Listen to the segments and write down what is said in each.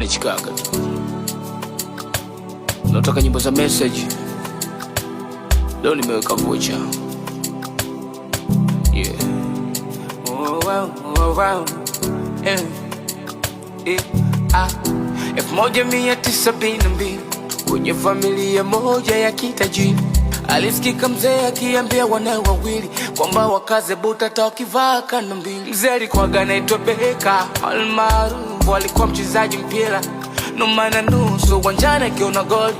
nachikaga tu. Nataka nyimbo za message. Leo nimeweka vocha. Yeah. Oh, wow, oh, wow. Yeah. Yeah. Ah. elfu moja mia tisa sabini na mbili kwenye familia moja ya kitajiri Alisikika mzee akiambia wanawe wawili kwamba wakaze buta tawakivaa kando mbili. Mzee alikuwaga anaitwa Beka almaarufu, alikuwa mchezaji mpira numa nusu uwanjani akiona goli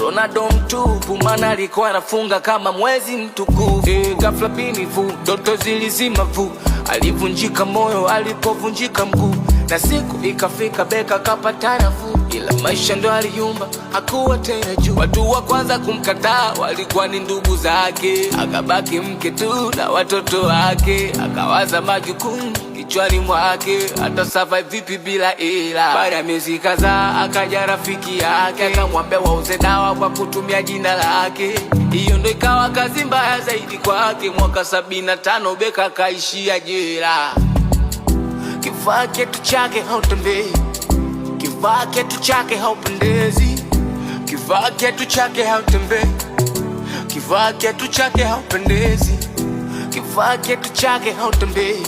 Ronaldo mtupu, maana alikuwa anafunga kama mwezi mtukufu. E, ghafla binifu ndoto zilizima vu, alivunjika moyo alipovunjika mguu, na siku ikafika Beka kapata nafuu ila maisha ndo aliyumba, hakuwa tena juu. Watu wa kwanza kumkataa walikuwa ni ndugu zake, akabaki mke tu na watoto wake, akawaza majukumu kichwani mwake, atasurvive vipi bila ila. Baada ya miezi kadhaa, akaja rafiki yake akamwambia wauze dawa kwa kutumia jina lake. Hiyo ndo ikawa kazi mbaya zaidi kwake. Mwaka sabini tano Beka akaishia jela, kifaa chetu chake hautembei Kivaa kiatu chake haupendezi, kivaa kiatu chake hautembei, kivaa kiatu chake haupendezi, kivaa kiatu chake hautembei,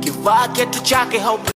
kivaa kiatu chake hau.